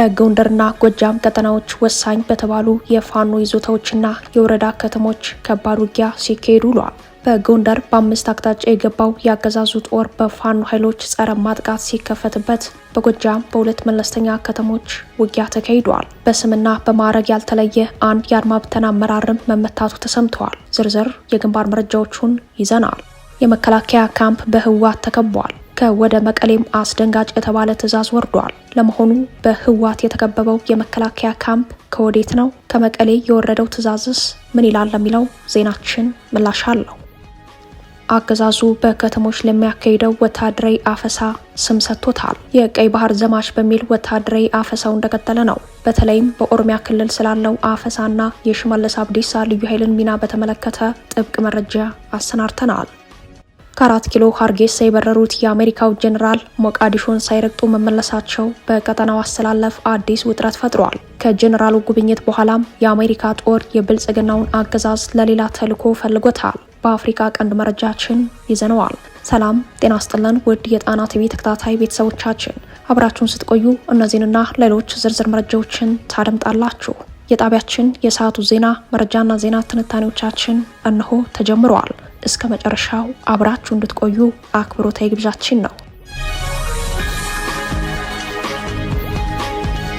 በጎንደርና ጎጃም ቀጠናዎች ወሳኝ በተባሉ የፋኖ ይዞታዎችና የወረዳ ከተሞች ከባድ ውጊያ ሲካሄዱ ውሏል። በጎንደር በአምስት አቅጣጫ የገባው የአገዛዙ ጦር በፋኖ ኃይሎች ጸረ ማጥቃት ሲከፈትበት፣ በጎጃም በሁለት መለስተኛ ከተሞች ውጊያ ተካሂደዋል። በስምና በማዕረግ ያልተለየ አንድ የአድማብተን አመራርም መመታቱ ተሰምተዋል። ዝርዝር የግንባር መረጃዎቹን ይዘናል። የመከላከያ ካምፕ በህወሓት ተከቧል። ከወደ መቀሌም አስደንጋጭ የተባለ ትዕዛዝ ወርዷል። ለመሆኑ በህወሓት የተከበበው የመከላከያ ካምፕ ከወዴት ነው? ከመቀሌ የወረደው ትዕዛዝስ ምን ይላል? ለሚለው ዜናችን ምላሽ አለው። አገዛዙ በከተሞች ለሚያካሂደው ወታደራዊ አፈሳ ስም ሰጥቶታል። የቀይ ባህር ዘማች በሚል ወታደራዊ አፈሳው እንደቀጠለ ነው። በተለይም በኦሮሚያ ክልል ስላለው አፈሳና የሽመለስ አብዲሳ ልዩ ኃይልን ሚና በተመለከተ ጥብቅ መረጃ አሰናድተናል። ከአራት ኪሎ ሀርጌሳ የበረሩት የአሜሪካው ጀኔራል ሞቃዲሾን ሳይረግጡ መመለሳቸው በቀጠናው አስተላለፍ አዲስ ውጥረት ፈጥሯል። ከጀኔራሉ ጉብኝት በኋላም የአሜሪካ ጦር የብልጽግናውን አገዛዝ ለሌላ ተልዕኮ ፈልጎታል። በአፍሪካ ቀንድ መረጃችን ይዘነዋል። ሰላም ጤና ስጥልን ውድ የጣና ቲቪ ተከታታይ ቤተሰቦቻችን አብራችሁን ስትቆዩ እነዚህንና ሌሎች ዝርዝር መረጃዎችን ታደምጣላችሁ። የጣቢያችን የሰዓቱ ዜና መረጃና ዜና ትንታኔዎቻችን እነሆ ተጀምረዋል። እስከ መጨረሻው አብራችሁ እንድትቆዩ አክብሮታዊ ግብዣችን ነው።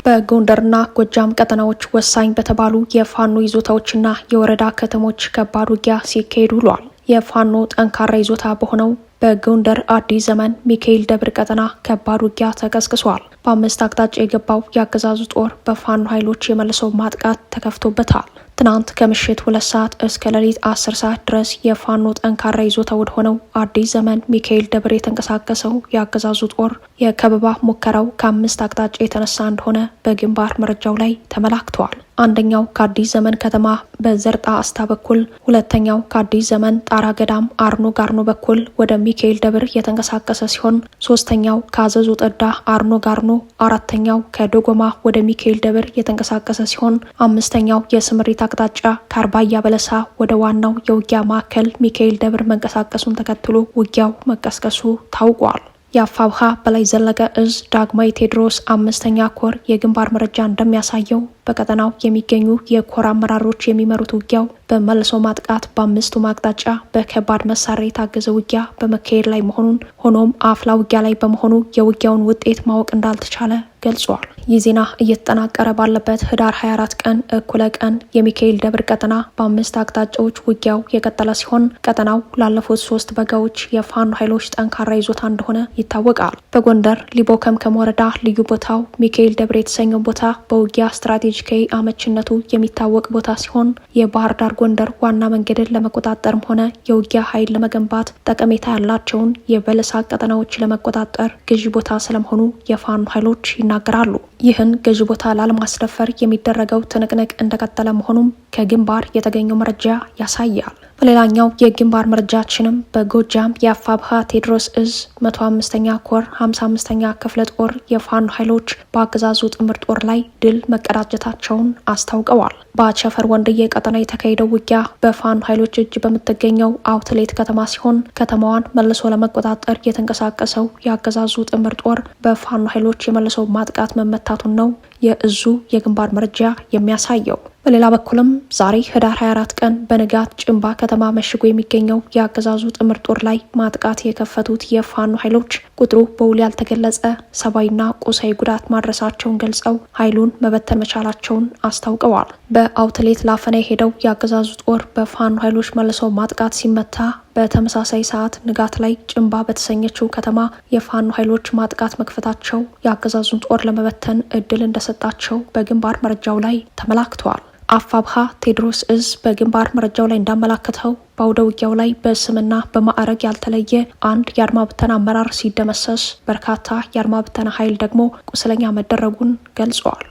በጎንደርና ጎጃም ቀጠናዎች ወሳኝ በተባሉ የፋኖ ይዞታዎችና የወረዳ ከተሞች ከባድ ውጊያ ሲካሄድ ውሏል። የፋኖ ጠንካራ ይዞታ በሆነው በጎንደር አዲስ ዘመን ሚካኤል ደብር ቀጠና ከባድ ውጊያ ተቀስቅሷል። በአምስት አቅጣጫ የገባው የአገዛዙ ጦር በፋኖ ኃይሎች የመልሶ ማጥቃት ተከፍቶበታል። ትናንት ከምሽት ሁለት ሰዓት እስከ ሌሊት አስር ሰዓት ድረስ የፋኖ ጠንካራ ይዞታ ወደ ሆነው አዲስ ዘመን ሚካኤል ደብር የተንቀሳቀሰው የአገዛዙ ጦር የከበባ ሙከራው ከአምስት አቅጣጫ የተነሳ እንደሆነ በግንባር መረጃው ላይ ተመላክተዋል። አንደኛው ከአዲስ ዘመን ከተማ በዘርጣ አስታ በኩል፣ ሁለተኛው ከአዲስ ዘመን ጣራ ገዳም አርኖ ጋርኖ በኩል ወደ ሚካኤል ደብር የተንቀሳቀሰ ሲሆን ሶስተኛው ከአዘዙ ጠዳ አርኖ ጋርኖ፣ አራተኛው ከዶጎማ ወደ ሚካኤል ደብር የተንቀሳቀሰ ሲሆን አምስተኛው የስምሪት አቅጣጫ ከአርባያ በለሳ ወደ ዋናው የውጊያ ማዕከል ሚካኤል ደብር መንቀሳቀሱን ተከትሎ ውጊያው መቀስቀሱ ታውቋል። የአፋብሃ በላይ ዘለቀ እዝ ዳግማዊ ቴዎድሮስ አምስተኛ ኮር የግንባር መረጃ እንደሚያሳየው በቀጠናው የሚገኙ የኮር አመራሮች የሚመሩት ውጊያው በመልሶ ማጥቃት በአምስቱ አቅጣጫ በከባድ መሳሪያ የታገዘ ውጊያ በመካሄድ ላይ መሆኑን ሆኖም አፍላ ውጊያ ላይ በመሆኑ የውጊያውን ውጤት ማወቅ እንዳልተቻለ ገልጿል። ይህ ዜና እየተጠናቀረ ባለበት ህዳር 24 ቀን እኩለ ቀን የሚካኤል ደብር ቀጠና በአምስት አቅጣጫዎች ውጊያው የቀጠለ ሲሆን ቀጠናው ላለፉት ሶስት በጋዎች የፋኖ ኃይሎች ጠንካራ ይዞታ እንደሆነ ይታወቃል። በጎንደር ሊቦ ከምከም ወረዳ ልዩ ቦታው ሚካኤል ደብር የተሰኘው ቦታ በውጊያ ስትራቴጂ ለጄጄ አመችነቱ የሚታወቅ ቦታ ሲሆን የባህር ዳር ጎንደር ዋና መንገድን ለመቆጣጠርም ሆነ የውጊያ ኃይል ለመገንባት ጠቀሜታ ያላቸውን የበለሳ ቀጠናዎች ለመቆጣጠር ግዥ ቦታ ስለመሆኑ የፋኖ ኃይሎች ይናገራሉ። ይህን ገዢ ቦታ ላለማስደፈር የሚደረገው ትንቅንቅ እንደቀጠለ መሆኑም ከግንባር የተገኘው መረጃ ያሳያል። በሌላኛው የግንባር መረጃችንም በጎጃም የአፋብሃ ቴድሮስ እዝ መቶ አምስተኛ ኮር ሀምሳ አምስተኛ ክፍለ ጦር የፋኖ ኃይሎች በአገዛዙ ጥምር ጦር ላይ ድል መቀዳጀታቸውን አስታውቀዋል። በአቸፈር ወንድዬ ቀጠና የተካሄደው ውጊያ በፋኖ ኃይሎች እጅ በምትገኘው አውትሌት ከተማ ሲሆን ከተማዋን መልሶ ለመቆጣጠር የተንቀሳቀሰው የአገዛዙ ጥምር ጦር በፋኖ ኃይሎች የመልሶ ማጥቃት መመታ መበርታቱን ነው የእዙ የግንባር መረጃ የሚያሳየው። በሌላ በኩልም ዛሬ ህዳር 24 ቀን በንጋት ጭንባ ከተማ መሽጎ የሚገኘው የአገዛዙ ጥምር ጦር ላይ ማጥቃት የከፈቱት የፋኖ ኃይሎች ቁጥሩ በውል ያልተገለጸ ሰብአዊና ቁሳዊ ጉዳት ማድረሳቸውን ገልጸው ኃይሉን መበተን መቻላቸውን አስታውቀዋል። በአውትሌት ላፈና የሄደው የአገዛዙ ጦር በፋኖ ኃይሎች መልሶ ማጥቃት ሲመታ በተመሳሳይ ሰዓት ንጋት ላይ ጭንባ በተሰኘችው ከተማ የፋኖ ኃይሎች ማጥቃት መክፈታቸው የአገዛዙን ጦር ለመበተን እድል እንደሰጣቸው በግንባር መረጃው ላይ ተመላክተዋል። አፋብሃ ቴዎድሮስ እዝ በግንባር መረጃው ላይ እንዳመላከተው በአውደ ውጊያው ላይ በስምና በማዕረግ ያልተለየ አንድ የአድማ ብተና አመራር ሲደመሰስ በርካታ የአድማ ብተና ኃይል ደግሞ ቁስለኛ መደረጉን ገልጸዋል።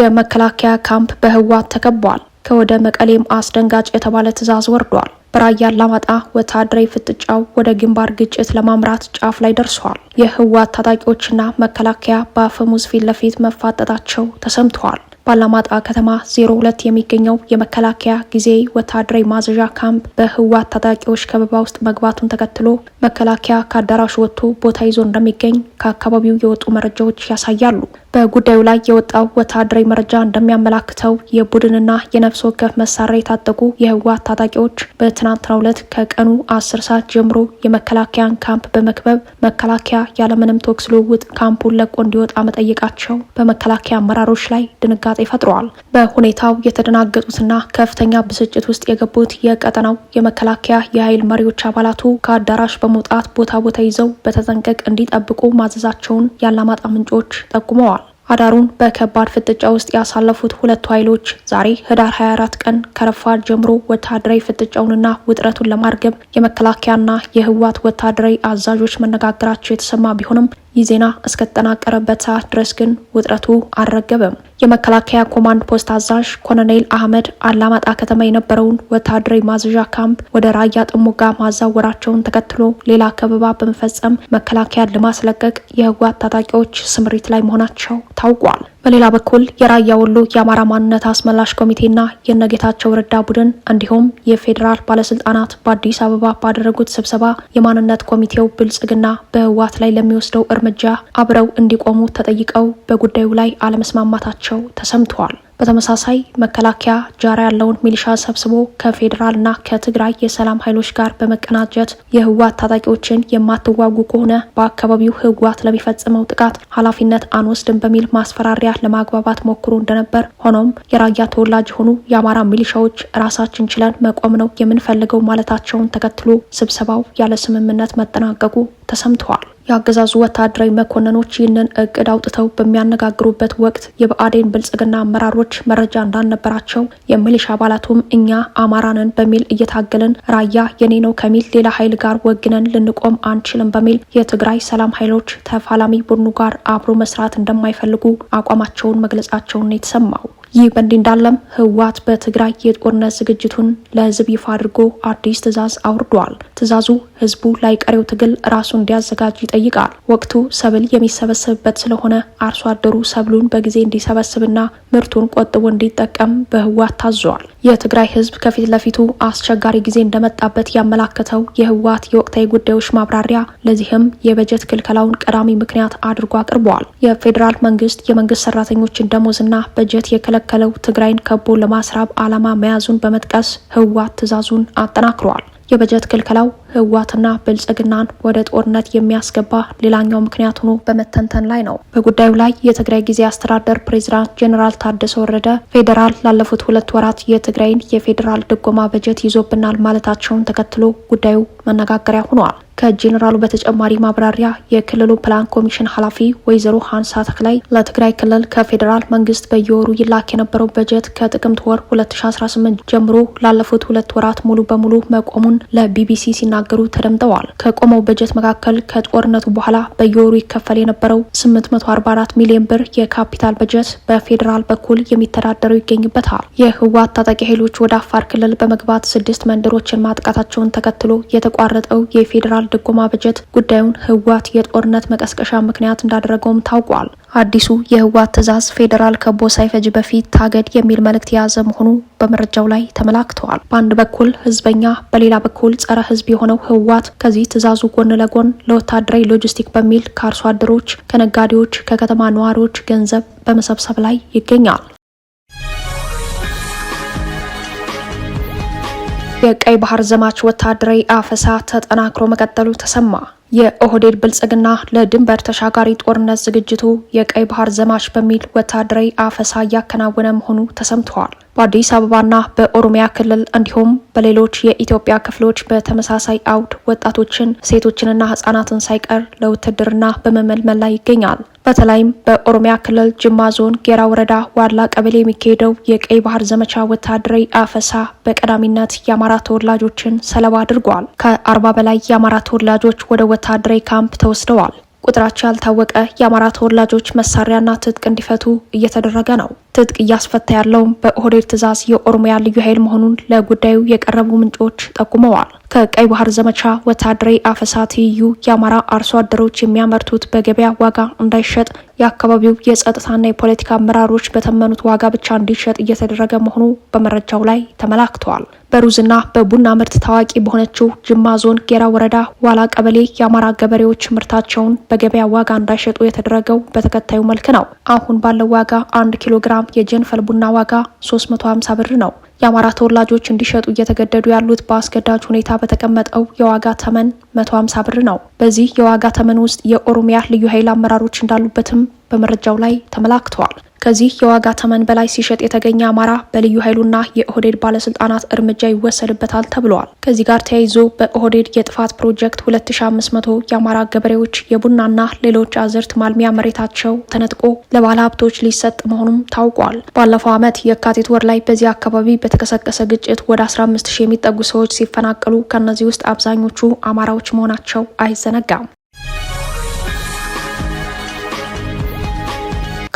የመከላከያ ካምፕ በህወሓት ተከቧል። ከወደ መቀሌም አስደንጋጭ የተባለ ትዕዛዝ ወርዷል። በራያ አላማጣ ወታደራዊ ፍጥጫው ወደ ግንባር ግጭት ለማምራት ጫፍ ላይ ደርሷል። የህወሓት ታጣቂዎችና መከላከያ በአፈሙዝ ፊት ለፊት መፋጠጣቸው ተሰምተዋል። ባላማጣ ከተማ 02 የሚገኘው የመከላከያ ጊዜ ወታደራዊ ማዘዣ ካምፕ በህወሓት ታጣቂዎች ከበባ ውስጥ መግባቱን ተከትሎ መከላከያ ከአዳራሹ ወጥቶ ቦታ ይዞ እንደሚገኝ ከአካባቢው የወጡ መረጃዎች ያሳያሉ። በጉዳዩ ላይ የወጣው ወታደራዊ መረጃ እንደሚያመላክተው የቡድንና የነፍስ ወከፍ መሳሪያ የታጠቁ የህወሓት ታጣቂዎች በትናንትናው ዕለት ከቀኑ አስር ሰዓት ጀምሮ የመከላከያን ካምፕ በመክበብ መከላከያ ያለምንም ተኩስ ልውውጥ ካምፑን ለቆ እንዲወጣ መጠየቃቸው በመከላከያ አመራሮች ላይ ድንጋ። ድንጋጤ ፈጥረዋል። በሁኔታው የተደናገጡትና ከፍተኛ ብስጭት ውስጥ የገቡት የቀጠናው የመከላከያ የኃይል መሪዎች አባላቱ ከአዳራሽ በመውጣት ቦታ ቦታ ይዘው በተጠንቀቅ እንዲጠብቁ ማዘዛቸውን የአላማጣ ምንጮች ጠቁመዋል። አዳሩን በከባድ ፍጥጫ ውስጥ ያሳለፉት ሁለቱ ኃይሎች ዛሬ ህዳር 24 ቀን ከረፋድ ጀምሮ ወታደራዊ ፍጥጫውንና ውጥረቱን ለማርገብ የመከላከያና የህወሓት ወታደራዊ አዛዦች መነጋገራቸው የተሰማ ቢሆንም ይህ ዜና እስከተጠናቀረበት ሰዓት ድረስ ግን ውጥረቱ አልረገበም። የመከላከያ ኮማንድ ፖስት አዛዥ ኮሎኔል አህመድ አላማጣ ከተማ የነበረውን ወታደራዊ ማዘዣ ካምፕ ወደ ራያ ጥሙጋ ማዛወራቸውን ተከትሎ ሌላ ከበባ በመፈጸም መከላከያን ለማስለቀቅ የህወሓት ታጣቂዎች ስምሪት ላይ መሆናቸው ታውቋል። በሌላ በኩል የራያ ወሎ የአማራ ማንነት አስመላሽ ኮሚቴና የነጌታቸው ረዳ ቡድን እንዲሁም የፌዴራል ባለስልጣናት በአዲስ አበባ ባደረጉት ስብሰባ የማንነት ኮሚቴው ብልጽግና በህወሓት ላይ ለሚወስደው እርምጃ አብረው እንዲቆሙ ተጠይቀው በጉዳዩ ላይ አለመስማማታቸው ተሰምተዋል። በተመሳሳይ መከላከያ ጃራ ያለውን ሚሊሻ ሰብስቦ ከፌዴራልና ከትግራይ የሰላም ኃይሎች ጋር በመቀናጀት የህወሓት ታጣቂዎችን የማትዋጉ ከሆነ በአካባቢው ህወሓት ለሚፈጽመው ጥቃት ኃላፊነት አንወስድም በሚል ማስፈራሪያ ለማግባባት ሞክሮ እንደነበር፣ ሆኖም የራያ ተወላጅ የሆኑ የአማራ ሚሊሻዎች ራሳችን ችለን መቆም ነው የምንፈልገው ማለታቸውን ተከትሎ ስብሰባው ያለ ስምምነት መጠናቀቁ ተሰምተዋል። የአገዛዙ ወታደራዊ መኮንኖች ይህንን እቅድ አውጥተው በሚያነጋግሩበት ወቅት የብአዴን ብልጽግና አመራሮች መረጃ እንዳልነበራቸው የሚሊሻ አባላቱም እኛ አማራንን በሚል እየታገልን ራያ የኔ ነው ከሚል ሌላ ኃይል ጋር ወግነን ልንቆም አንችልም በሚል የትግራይ ሰላም ኃይሎች ተፋላሚ ቡድኑ ጋር አብሮ መስራት እንደማይፈልጉ አቋማቸውን መግለጻቸውን የተሰማው ይህ በእንዲህ እንዳለም ህወሓት በትግራይ የጦርነት ዝግጅቱን ለህዝብ ይፋ አድርጎ አዲስ ትዕዛዝ አውርዷል። ትዕዛዙ ህዝቡ ላይቀሬው ትግል ራሱ እንዲያዘጋጅ ይጠይቃል። ወቅቱ ሰብል የሚሰበሰብበት ስለሆነ አርሶ አደሩ ሰብሉን በጊዜ እንዲሰበስብና ምርቱን ቆጥቦ እንዲጠቀም በህወሓት ታዟል። የትግራይ ህዝብ ከፊት ለፊቱ አስቸጋሪ ጊዜ እንደመጣበት ያመላከተው የህወሓት የወቅታዊ ጉዳዮች ማብራሪያ ለዚህም የበጀት ክልከላውን ቀዳሚ ምክንያት አድርጎ አቅርበዋል። የፌዴራል መንግስት የመንግስት ሰራተኞችን ደሞዝና በጀት የከለከለው ትግራይን ከቦ ለማስራብ ዓላማ መያዙን በመጥቀስ ህወሓት ትዕዛዙን አጠናክረዋል። የበጀት ክልከላው ህወሓትና ብልጽግናን ወደ ጦርነት የሚያስገባ ሌላኛው ምክንያት ሆኖ በመተንተን ላይ ነው። በጉዳዩ ላይ የትግራይ ጊዜ አስተዳደር ፕሬዚዳንት ጄኔራል ታደሰ ወረደ ፌዴራል ላለፉት ሁለት ወራት የትግራይን የፌዴራል ድጎማ በጀት ይዞብናል ማለታቸውን ተከትሎ ጉዳዩ መነጋገሪያ ሆኗል። ከጄኔራሉ በተጨማሪ ማብራሪያ የክልሉ ፕላን ኮሚሽን ኃላፊ ወይዘሮ ሀንሳ ተክላይ ለትግራይ ክልል ከፌዴራል መንግስት በየወሩ ይላክ የነበረው በጀት ከጥቅምት ወር 2018 ጀምሮ ላለፉት ሁለት ወራት ሙሉ በሙሉ መቆሙን ለቢቢሲ ሲናገሩ ተደምጠዋል። ከቆመው በጀት መካከል ከጦርነቱ በኋላ በየወሩ ይከፈል የነበረው 844 ሚሊዮን ብር የካፒታል በጀት በፌዴራል በኩል የሚተዳደረው ይገኝበታል። የህወሓት ታጣቂ ኃይሎች ወደ አፋር ክልል በመግባት ስድስት መንደሮችን ማጥቃታቸውን ተከትሎ የተቋረጠው የፌዴራል ዶላር ድጎማ በጀት ጉዳዩን ህወሓት የጦርነት መቀስቀሻ ምክንያት እንዳደረገውም ታውቋል። አዲሱ የህወሓት ትዕዛዝ ፌዴራል ከቦ ሳይፈጅ በፊት ታገድ የሚል መልእክት የያዘ መሆኑ በመረጃው ላይ ተመላክተዋል። በአንድ በኩል ህዝበኛ፣ በሌላ በኩል ጸረ ህዝብ የሆነው ህወሓት ከዚህ ትዕዛዙ ጎን ለጎን ለወታደራዊ ሎጂስቲክ በሚል ከአርሶ አደሮች፣ ከነጋዴዎች፣ ከከተማ ነዋሪዎች ገንዘብ በመሰብሰብ ላይ ይገኛል። የቀይ ባህር ዘማች ወታደራዊ አፈሳ ተጠናክሮ መቀጠሉ ተሰማ። የኦህዴድ ብልጽግና ለድንበር ተሻጋሪ ጦርነት ዝግጅቱ የቀይ ባህር ዘማች በሚል ወታደራዊ አፈሳ እያከናወነ መሆኑ ተሰምተዋል። በአዲስ አበባና በኦሮሚያ ክልል እንዲሁም በሌሎች የኢትዮጵያ ክፍሎች በተመሳሳይ አውድ ወጣቶችን ሴቶችንና ህጻናትን ሳይቀር ለውትድርና በመመልመል ላይ ይገኛል። በተለይም በኦሮሚያ ክልል ጅማ ዞን ጌራ ወረዳ ዋድላ ቀበሌ የሚካሄደው የቀይ ባህር ዘመቻ ወታደራዊ አፈሳ በቀዳሚነት የአማራ ተወላጆችን ሰለባ አድርጓል። ከአርባ በላይ የአማራ ተወላጆች ወደ ወታደራዊ ካምፕ ተወስደዋል። ቁጥራቸው ያልታወቀ የአማራ ተወላጆች መሳሪያና ትጥቅ እንዲፈቱ እየተደረገ ነው። ትጥቅ እያስፈታ ያለውም በኦህዴድ ትዕዛዝ የኦሮሚያ ልዩ ኃይል መሆኑን ለጉዳዩ የቀረቡ ምንጮች ጠቁመዋል። ከቀይ ባህር ዘመቻ ወታደራዊ አፈሳ ትይዩ የአማራ አርሶ አደሮች የሚያመርቱት በገበያ ዋጋ እንዳይሸጥ የአካባቢው የጸጥታና የፖለቲካ አመራሮች በተመኑት ዋጋ ብቻ እንዲሸጥ እየተደረገ መሆኑ በመረጃው ላይ ተመላክተዋል። በሩዝና በቡና ምርት ታዋቂ በሆነችው ጅማ ዞን ጌራ ወረዳ ዋላ ቀበሌ የአማራ ገበሬዎች ምርታቸውን በገበያ ዋጋ እንዳይሸጡ የተደረገው በተከታዩ መልክ ነው። አሁን ባለው ዋጋ አንድ ኪሎ ግራም የጀንፈል ቡና ዋጋ 350 ብር ነው። የአማራ ተወላጆች እንዲሸጡ እየተገደዱ ያሉት በአስገዳጅ ሁኔታ በተቀመጠው የዋጋ ተመን መቶ ሀምሳ ብር ነው። በዚህ የዋጋ ተመን ውስጥ የኦሮሚያ ልዩ ኃይል አመራሮች እንዳሉበትም በመረጃው ላይ ተመላክተዋል። ከዚህ የዋጋ ተመን በላይ ሲሸጥ የተገኘ አማራ በልዩ ኃይሉና የኦህዴድ ባለስልጣናት እርምጃ ይወሰድበታል ተብሏል። ከዚህ ጋር ተያይዞ በኦህዴድ የጥፋት ፕሮጀክት 2500 የአማራ ገበሬዎች የቡናና ሌሎች አዝርት ማልሚያ መሬታቸው ተነጥቆ ለባለ ሀብቶች ሊሰጥ መሆኑም ታውቋል። ባለፈው ዓመት የካቲት ወር ላይ በዚህ አካባቢ በተቀሰቀሰ ግጭት ወደ 150 የሚጠጉ ሰዎች ሲፈናቀሉ ከእነዚህ ውስጥ አብዛኞቹ አማራዎች መሆናቸው አይዘነጋም።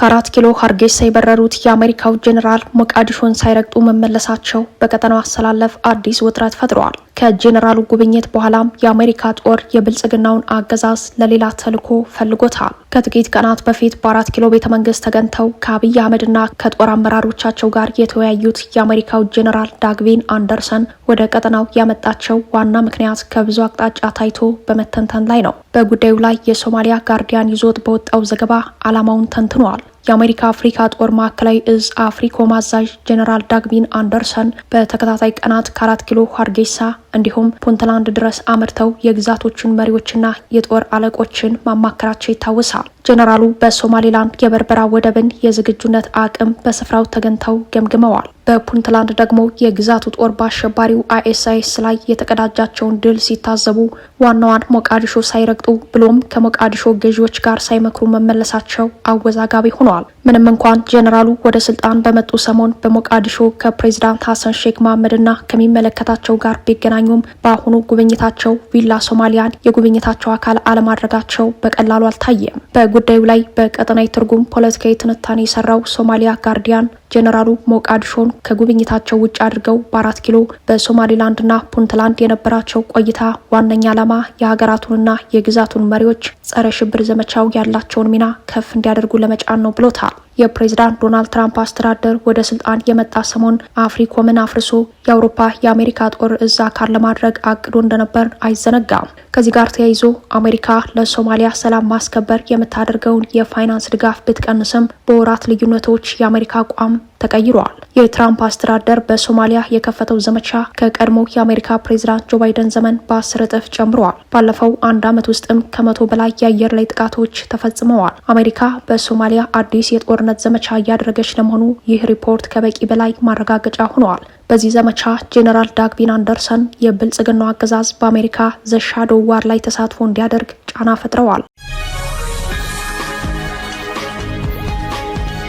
ከአራት ኪሎ ሀርጌሳ የበረሩት የአሜሪካው ጄኔራል ሞቃዲሾን ሳይረግጡ መመለሳቸው በቀጠናው አሰላለፍ አዲስ ውጥረት ፈጥረዋል። ከጄኔራሉ ጉብኝት በኋላም የአሜሪካ ጦር የብልጽግናውን አገዛዝ ለሌላ ተልዕኮ ፈልጎታል። ከጥቂት ቀናት በፊት በአራት ኪሎ ቤተ መንግስት ተገንተው ከአብይ አህመድና ከጦር አመራሮቻቸው ጋር የተወያዩት የአሜሪካው ጄኔራል ዳግቪን አንደርሰን ወደ ቀጠናው ያመጣቸው ዋና ምክንያት ከብዙ አቅጣጫ ታይቶ በመተንተን ላይ ነው። በጉዳዩ ላይ የሶማሊያ ጋርዲያን ይዞት በወጣው ዘገባ ዓላማውን ተንትኗል። የአሜሪካ አፍሪካ ጦር ማዕከላዊ እዝ አፍሪኮም አዛዥ ጀኔራል ዳግቢን አንደርሰን በተከታታይ ቀናት ከአራት ኪሎ ሀርጌሳ እንዲሁም ፑንትላንድ ድረስ አምርተው የግዛቶቹን መሪዎችና የጦር አለቆችን ማማከራቸው ይታወሳል። ጀኔራሉ በሶማሌላንድ የበርበራ ወደብን የዝግጁነት አቅም በስፍራው ተገኝተው ገምግመዋል። በፑንትላንድ ደግሞ የግዛቱ ጦር በአሸባሪው አይኤስአይኤስ ላይ የተቀዳጃቸውን ድል ሲታዘቡ ዋናዋን ሞቃዲሾ ሳይረግጡ ብሎም ከሞቃዲሾ ገዢዎች ጋር ሳይመክሩ መመለሳቸው አወዛጋቢ ሆነዋል። ምንም እንኳን ጄኔራሉ ወደ ስልጣን በመጡ ሰሞን በሞቃዲሾ ከፕሬዚዳንት ሀሰን ሼክ መሐመድና ከሚመለከታቸው ጋር ቢገናኙም በአሁኑ ጉብኝታቸው ቪላ ሶማሊያን የጉብኝታቸው አካል አለማድረጋቸው በቀላሉ አልታየም። በጉዳዩ ላይ በቀጠናዊ ትርጉም ፖለቲካዊ ትንታኔ የሰራው ሶማሊያ ጋርዲያን ጄኔራሉ ሞቃዲሾን ከጉብኝታቸው ውጭ አድርገው በአራት ኪሎ በሶማሌላንድና ፑንትላንድ የነበራቸው ቆይታ ዋነኛ ዓላማ የሀገራቱንና የግዛቱን መሪዎች ጸረ ሽብር ዘመቻው ያላቸውን ሚና ከፍ እንዲያደርጉ ለመጫን ነው ብሎታል። የፕሬዚዳንት ዶናልድ ትራምፕ አስተዳደር ወደ ስልጣን የመጣ ሰሞን አፍሪኮምን አፍርሶ የአውሮፓ የአሜሪካ ጦር እዝ አካል ለማድረግ አቅዶ እንደነበር አይዘነጋም። ከዚህ ጋር ተያይዞ አሜሪካ ለሶማሊያ ሰላም ማስከበር የምታደርገውን የፋይናንስ ድጋፍ ብትቀንስም በወራት ልዩነቶች የአሜሪካ አቋም ተቀይሯል። የትራምፕ አስተዳደር በሶማሊያ የከፈተው ዘመቻ ከቀድሞ የአሜሪካ ፕሬዚዳንት ጆ ባይደን ዘመን በአስር እጥፍ ጨምረዋል። ባለፈው አንድ ዓመት ውስጥም ከመቶ በላይ የአየር ላይ ጥቃቶች ተፈጽመዋል። አሜሪካ በሶማሊያ አዲስ የጦርነት ዘመቻ እያደረገች ለመሆኑ ይህ ሪፖርት ከበቂ በላይ ማረጋገጫ ሆነዋል። በዚህ ዘመቻ ጄኔራል ዳግቢን አንደርሰን የብልጽግናው አገዛዝ በአሜሪካ ዘሻዶ ዋር ላይ ተሳትፎ እንዲያደርግ ጫና ፈጥረዋል።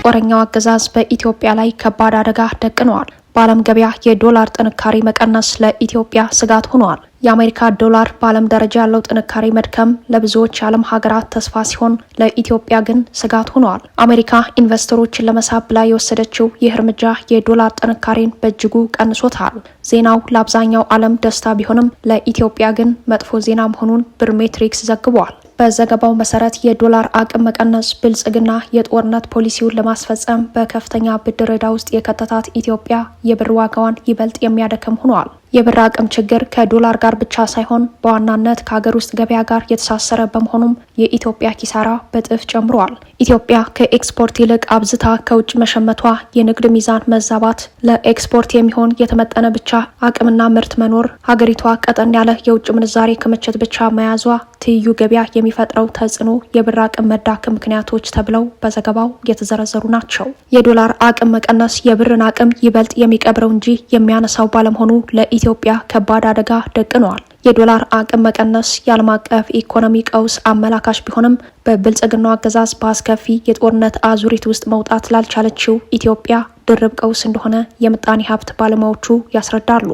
ቆረኛው አገዛዝ በኢትዮጵያ ላይ ከባድ አደጋ ደቅነዋል። በዓለም ገበያ የዶላር ጥንካሬ መቀነስ ለኢትዮጵያ ስጋት ሆኗል። የአሜሪካ ዶላር በዓለም ደረጃ ያለው ጥንካሬ መድከም ለብዙዎች የዓለም ሀገራት ተስፋ ሲሆን ለኢትዮጵያ ግን ስጋት ሆነዋል። አሜሪካ ኢንቨስተሮችን ለመሳብ ብላ የወሰደችው ይህ እርምጃ የዶላር ጥንካሬን በእጅጉ ቀንሶታል። ዜናው ለአብዛኛው ዓለም ደስታ ቢሆንም ለኢትዮጵያ ግን መጥፎ ዜና መሆኑን ብርሜትሪክስ ዘግቧል። በዘገባው መሰረት የዶላር አቅም መቀነስ ብልጽግና የጦርነት ፖሊሲውን ለማስፈጸም በከፍተኛ ብድር ዕዳ ውስጥ የከተታት ኢትዮጵያ የብር ዋጋዋን ይበልጥ የሚያደክም ሆኗል። የብር አቅም ችግር ከዶላር ጋር ብቻ ሳይሆን በዋናነት ከሀገር ውስጥ ገበያ ጋር የተሳሰረ በመሆኑም የኢትዮጵያ ኪሳራ በጥፍ ጨምሯል። ኢትዮጵያ ከኤክስፖርት ይልቅ አብዝታ ከውጭ መሸመቷ፣ የንግድ ሚዛን መዛባት፣ ለኤክስፖርት የሚሆን የተመጠነ ብቻ አቅምና ምርት መኖር፣ ሀገሪቷ ቀጠን ያለ የውጭ ምንዛሬ ክምችት ብቻ መያዟ ትይዩ ገበያ የሚፈጥረው ተጽዕኖ የብር አቅም መዳከም ምክንያቶች ተብለው በዘገባው የተዘረዘሩ ናቸው። የዶላር አቅም መቀነስ የብርን አቅም ይበልጥ የሚቀብረው እንጂ የሚያነሳው ባለመሆኑ ለ። ኢትዮጵያ ከባድ አደጋ ደቅነዋል። የዶላር አቅም መቀነስ የዓለም አቀፍ ኢኮኖሚ ቀውስ አመላካሽ ቢሆንም በብልጽግናው አገዛዝ በአስከፊ የጦርነት አዙሪት ውስጥ መውጣት ላልቻለችው ኢትዮጵያ ድርብ ቀውስ እንደሆነ የምጣኔ ሀብት ባለሙያዎቹ ያስረዳሉ።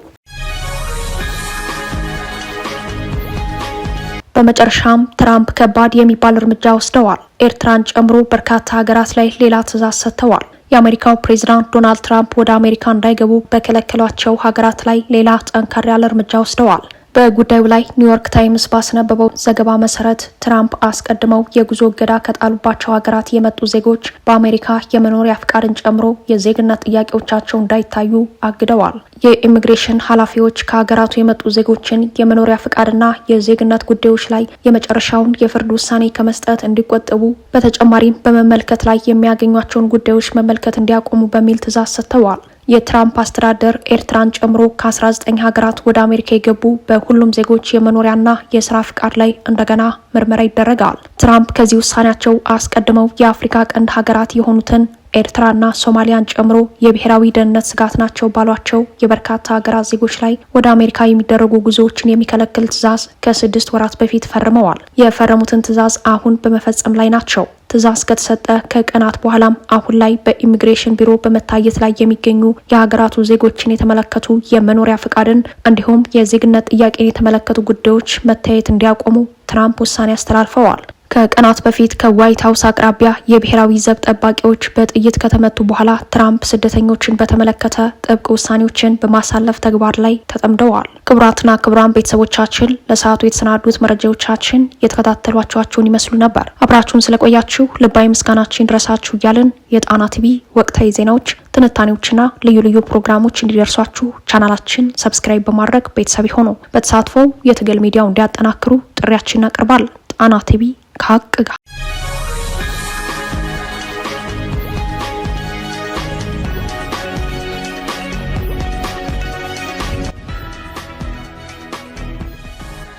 በመጨረሻም ትራምፕ ከባድ የሚባል እርምጃ ወስደዋል። ኤርትራን ጨምሮ በርካታ ሀገራት ላይ ሌላ ትዕዛዝ ሰጥተዋል። የአሜሪካው ፕሬዚዳንት ዶናልድ ትራምፕ ወደ አሜሪካ እንዳይገቡ በከለከሏቸው ሀገራት ላይ ሌላ ጠንከር ያለ እርምጃ ወስደዋል። በጉዳዩ ላይ ኒውዮርክ ታይምስ ባስነበበው ዘገባ መሰረት ትራምፕ አስቀድመው የጉዞ እገዳ ከጣሉባቸው ሀገራት የመጡ ዜጎች በአሜሪካ የመኖሪያ ፍቃድን ጨምሮ የዜግነት ጥያቄዎቻቸው እንዳይታዩ አግደዋል። የኢሚግሬሽን ኃላፊዎች ከሀገራቱ የመጡ ዜጎችን የመኖሪያ ፍቃድና የዜግነት ጉዳዮች ላይ የመጨረሻውን የፍርድ ውሳኔ ከመስጠት እንዲቆጠቡ፣ በተጨማሪም በመመልከት ላይ የሚያገኟቸውን ጉዳዮች መመልከት እንዲያቆሙ በሚል ትዕዛዝ ሰጥተዋል። የትራምፕ አስተዳደር ኤርትራን ጨምሮ ከ19 ሀገራት ወደ አሜሪካ የገቡ በሁሉም ዜጎች የመኖሪያና የስራ ፍቃድ ላይ እንደገና ምርመራ ይደረጋል። ትራምፕ ከዚህ ውሳኔያቸው አስቀድመው የአፍሪካ ቀንድ ሀገራት የሆኑትን ኤርትራና ሶማሊያን ጨምሮ የብሔራዊ ደህንነት ስጋት ናቸው ባሏቸው የበርካታ ሀገራት ዜጎች ላይ ወደ አሜሪካ የሚደረጉ ጉዞዎችን የሚከለክል ትዕዛዝ ከስድስት ወራት በፊት ፈርመዋል። የፈረሙትን ትዕዛዝ አሁን በመፈጸም ላይ ናቸው። ትዕዛዝ ከተሰጠ ከቀናት በኋላም አሁን ላይ በኢሚግሬሽን ቢሮ በመታየት ላይ የሚገኙ የሀገራቱ ዜጎችን የተመለከቱ የመኖሪያ ፈቃድን እንዲሁም የዜግነት ጥያቄን የተመለከቱ ጉዳዮች መታየት እንዲያቆሙ ትራምፕ ውሳኔ አስተላልፈዋል። ከቀናት በፊት ከዋይት ሀውስ አቅራቢያ የብሔራዊ ዘብ ጠባቂዎች በጥይት ከተመቱ በኋላ ትራምፕ ስደተኞችን በተመለከተ ጥብቅ ውሳኔዎችን በማሳለፍ ተግባር ላይ ተጠምደዋል። ክቡራትና ክቡራን ቤተሰቦቻችን ለሰዓቱ የተሰናዱት መረጃዎቻችን የተከታተሏቸኋቸውን ይመስሉ ነበር። አብራችሁን ስለቆያችሁ ልባዊ ምስጋናችን ድረሳችሁ እያልን የጣና ቲቪ ወቅታዊ ዜናዎች፣ ትንታኔዎችና ልዩ ልዩ ፕሮግራሞች እንዲደርሷችሁ ቻናላችን ሰብስክራይብ በማድረግ ቤተሰብ ሆነው በተሳትፎ የትግል ሚዲያው እንዲያጠናክሩ ጥሪያችን እናቀርባለን። ጣና ቲቪ 가악가